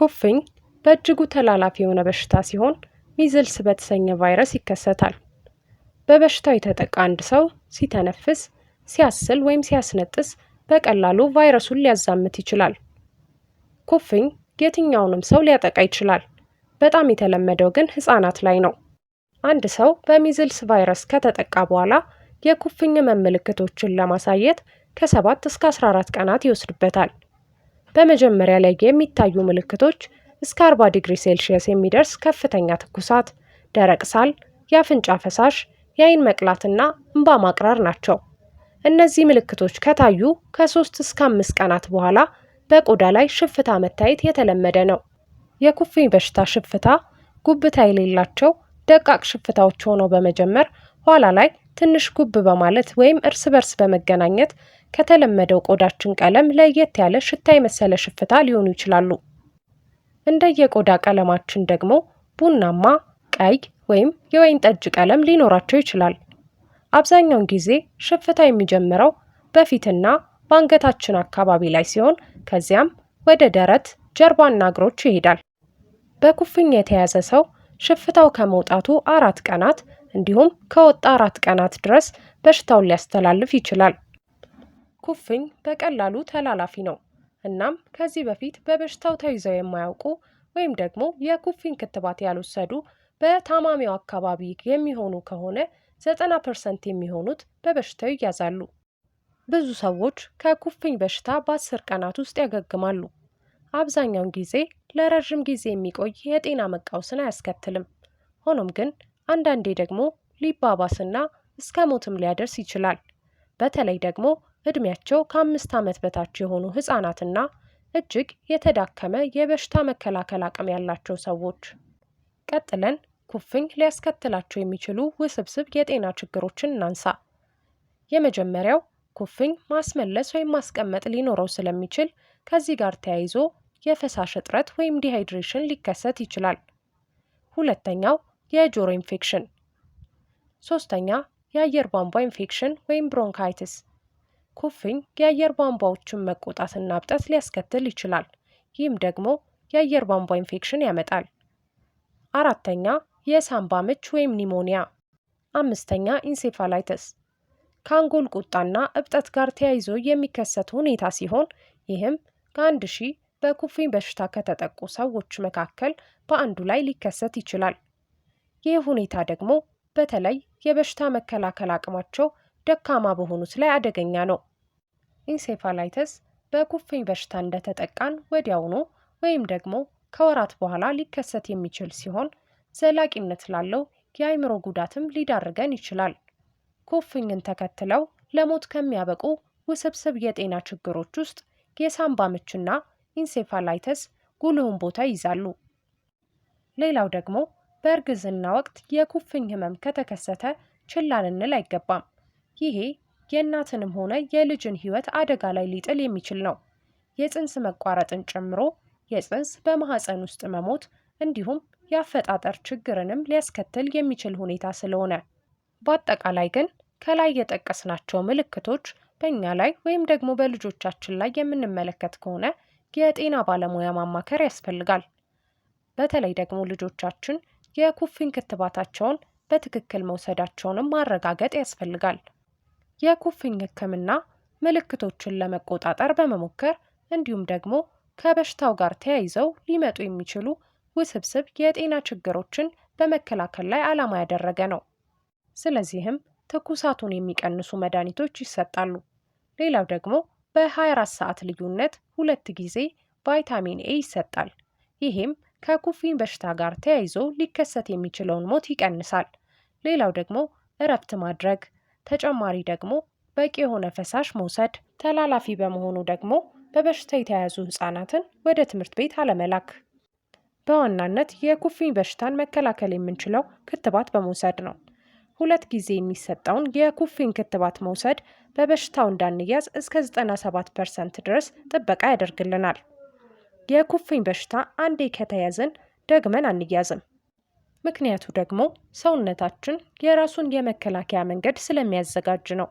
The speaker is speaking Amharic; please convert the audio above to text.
ኩፍኝ በእጅጉ ተላላፊ የሆነ በሽታ ሲሆን ሚዝልስ በተሰኘ ቫይረስ ይከሰታል። በበሽታው የተጠቃ አንድ ሰው ሲተነፍስ፣ ሲያስል ወይም ሲያስነጥስ በቀላሉ ቫይረሱን ሊያዛምት ይችላል። ኩፍኝ የትኛውንም ሰው ሊያጠቃ ይችላል። በጣም የተለመደው ግን ህጻናት ላይ ነው። አንድ ሰው በሚዝልስ ቫይረስ ከተጠቃ በኋላ የኩፍኝ መምልክቶችን ለማሳየት ከሰባት እስከ 14 ቀናት ይወስድበታል። በመጀመሪያ ላይ የሚታዩ ምልክቶች እስከ 40 ዲግሪ ሴልሺየስ የሚደርስ ከፍተኛ ትኩሳት፣ ደረቅ ሳል፣ የአፍንጫ ፈሳሽ፣ የአይን መቅላትና እንባ ማቅረር ናቸው። እነዚህ ምልክቶች ከታዩ ከሶስት እስከ አምስት ቀናት በኋላ በቆዳ ላይ ሽፍታ መታየት የተለመደ ነው። የኩፍኝ በሽታ ሽፍታ ጉብታ የሌላቸው ደቃቅ ሽፍታዎች ሆነው በመጀመር ኋላ ላይ ትንሽ ጉብ በማለት ወይም እርስ በርስ በመገናኘት ከተለመደው ቆዳችን ቀለም ለየት ያለ ሽታ የመሰለ ሽፍታ ሊሆኑ ይችላሉ። እንደየቆዳ ቀለማችን ደግሞ ቡናማ፣ ቀይ ወይም የወይን ጠጅ ቀለም ሊኖራቸው ይችላል። አብዛኛውን ጊዜ ሽፍታ የሚጀምረው በፊትና በአንገታችን አካባቢ ላይ ሲሆን ከዚያም ወደ ደረት፣ ጀርባና እግሮች ይሄዳል። በኩፍኝ የተያዘ ሰው ሽፍታው ከመውጣቱ አራት ቀናት እንዲሁም ከወጣ አራት ቀናት ድረስ በሽታውን ሊያስተላልፍ ይችላል። ኩፍኝ በቀላሉ ተላላፊ ነው። እናም ከዚህ በፊት በበሽታው ተይዘው የማያውቁ ወይም ደግሞ የኩፍኝ ክትባት ያልወሰዱ በታማሚው አካባቢ የሚሆኑ ከሆነ ዘጠና ፐርሰንት የሚሆኑት በበሽታው ይያዛሉ። ብዙ ሰዎች ከኩፍኝ በሽታ በአስር ቀናት ውስጥ ያገግማሉ። አብዛኛውን ጊዜ ለረዥም ጊዜ የሚቆይ የጤና መቃወስን አያስከትልም። ሆኖም ግን አንዳንዴ ደግሞ ሊባባስና እስከ ሞትም ሊያደርስ ይችላል። በተለይ ደግሞ እድሜያቸው ከአምስት ዓመት በታች የሆኑ ሕፃናትና እጅግ የተዳከመ የበሽታ መከላከል አቅም ያላቸው ሰዎች። ቀጥለን ኩፍኝ ሊያስከትላቸው የሚችሉ ውስብስብ የጤና ችግሮችን እናንሳ። የመጀመሪያው ኩፍኝ ማስመለስ ወይም ማስቀመጥ ሊኖረው ስለሚችል ከዚህ ጋር ተያይዞ የፈሳሽ እጥረት ወይም ዲሃይድሬሽን ሊከሰት ይችላል። ሁለተኛው የጆሮ ኢንፌክሽን። ሶስተኛ የአየር ቧንቧ ኢንፌክሽን ወይም ብሮንካይትስ። ኩፍኝ የአየር ቧንቧዎችን መቆጣትና እብጠት ሊያስከትል ይችላል። ይህም ደግሞ የአየር ቧንቧ ኢንፌክሽን ያመጣል። አራተኛ የሳምባ ምች ወይም ኒሞኒያ። አምስተኛ ኢንሴፋላይተስ ከአንጎል ቁጣና እብጠት ጋር ተያይዞ የሚከሰት ሁኔታ ሲሆን ይህም ከአንድ ሺህ በኩፍኝ በሽታ ከተጠቁ ሰዎች መካከል በአንዱ ላይ ሊከሰት ይችላል። ይህ ሁኔታ ደግሞ በተለይ የበሽታ መከላከል አቅማቸው ደካማ በሆኑት ላይ አደገኛ ነው። ኢንሴፋላይተስ በኩፍኝ በሽታ እንደተጠቃን ወዲያውኑ ወይም ደግሞ ከወራት በኋላ ሊከሰት የሚችል ሲሆን ዘላቂነት ላለው የአእምሮ ጉዳትም ሊዳርገን ይችላል። ኩፍኝን ተከትለው ለሞት ከሚያበቁ ውስብስብ የጤና ችግሮች ውስጥ የሳምባ ምችና ኢንሴፋላይተስ ጉልህን ቦታ ይይዛሉ። ሌላው ደግሞ በእርግዝና ወቅት የኩፍኝ ህመም ከተከሰተ ችላ ልንል አይገባም። ይሄ የእናትንም ሆነ የልጅን ህይወት አደጋ ላይ ሊጥል የሚችል ነው። የፅንስ መቋረጥን ጨምሮ የፅንስ በማህፀን ውስጥ መሞት እንዲሁም የአፈጣጠር ችግርንም ሊያስከትል የሚችል ሁኔታ ስለሆነ በአጠቃላይ ግን ከላይ የጠቀስናቸው ምልክቶች በእኛ ላይ ወይም ደግሞ በልጆቻችን ላይ የምንመለከት ከሆነ የጤና ባለሙያ ማማከር ያስፈልጋል። በተለይ ደግሞ ልጆቻችን የኩፍኝ ክትባታቸውን በትክክል መውሰዳቸውንም ማረጋገጥ ያስፈልጋል። የኩፍኝ ህክምና ምልክቶችን ለመቆጣጠር በመሞከር እንዲሁም ደግሞ ከበሽታው ጋር ተያይዘው ሊመጡ የሚችሉ ውስብስብ የጤና ችግሮችን በመከላከል ላይ ዓላማ ያደረገ ነው። ስለዚህም ትኩሳቱን የሚቀንሱ መድኃኒቶች ይሰጣሉ። ሌላው ደግሞ በ24 ሰዓት ልዩነት ሁለት ጊዜ ቫይታሚን ኤ ይሰጣል። ይሄም ከኩፍኝ በሽታ ጋር ተያይዞ ሊከሰት የሚችለውን ሞት ይቀንሳል። ሌላው ደግሞ እረፍት ማድረግ፣ ተጨማሪ ደግሞ በቂ የሆነ ፈሳሽ መውሰድ፣ ተላላፊ በመሆኑ ደግሞ በበሽታ የተያዙ ህጻናትን ወደ ትምህርት ቤት አለመላክ። በዋናነት የኩፍኝ በሽታን መከላከል የምንችለው ክትባት በመውሰድ ነው። ሁለት ጊዜ የሚሰጠውን የኩፍኝ ክትባት መውሰድ በበሽታው እንዳንያዝ እስከ 97 ፐርሰንት ድረስ ጥበቃ ያደርግልናል። የኩፍኝ በሽታ አንዴ ከተያዘን ደግመን አንያዝም። ምክንያቱ ደግሞ ሰውነታችን የራሱን የመከላከያ መንገድ ስለሚያዘጋጅ ነው።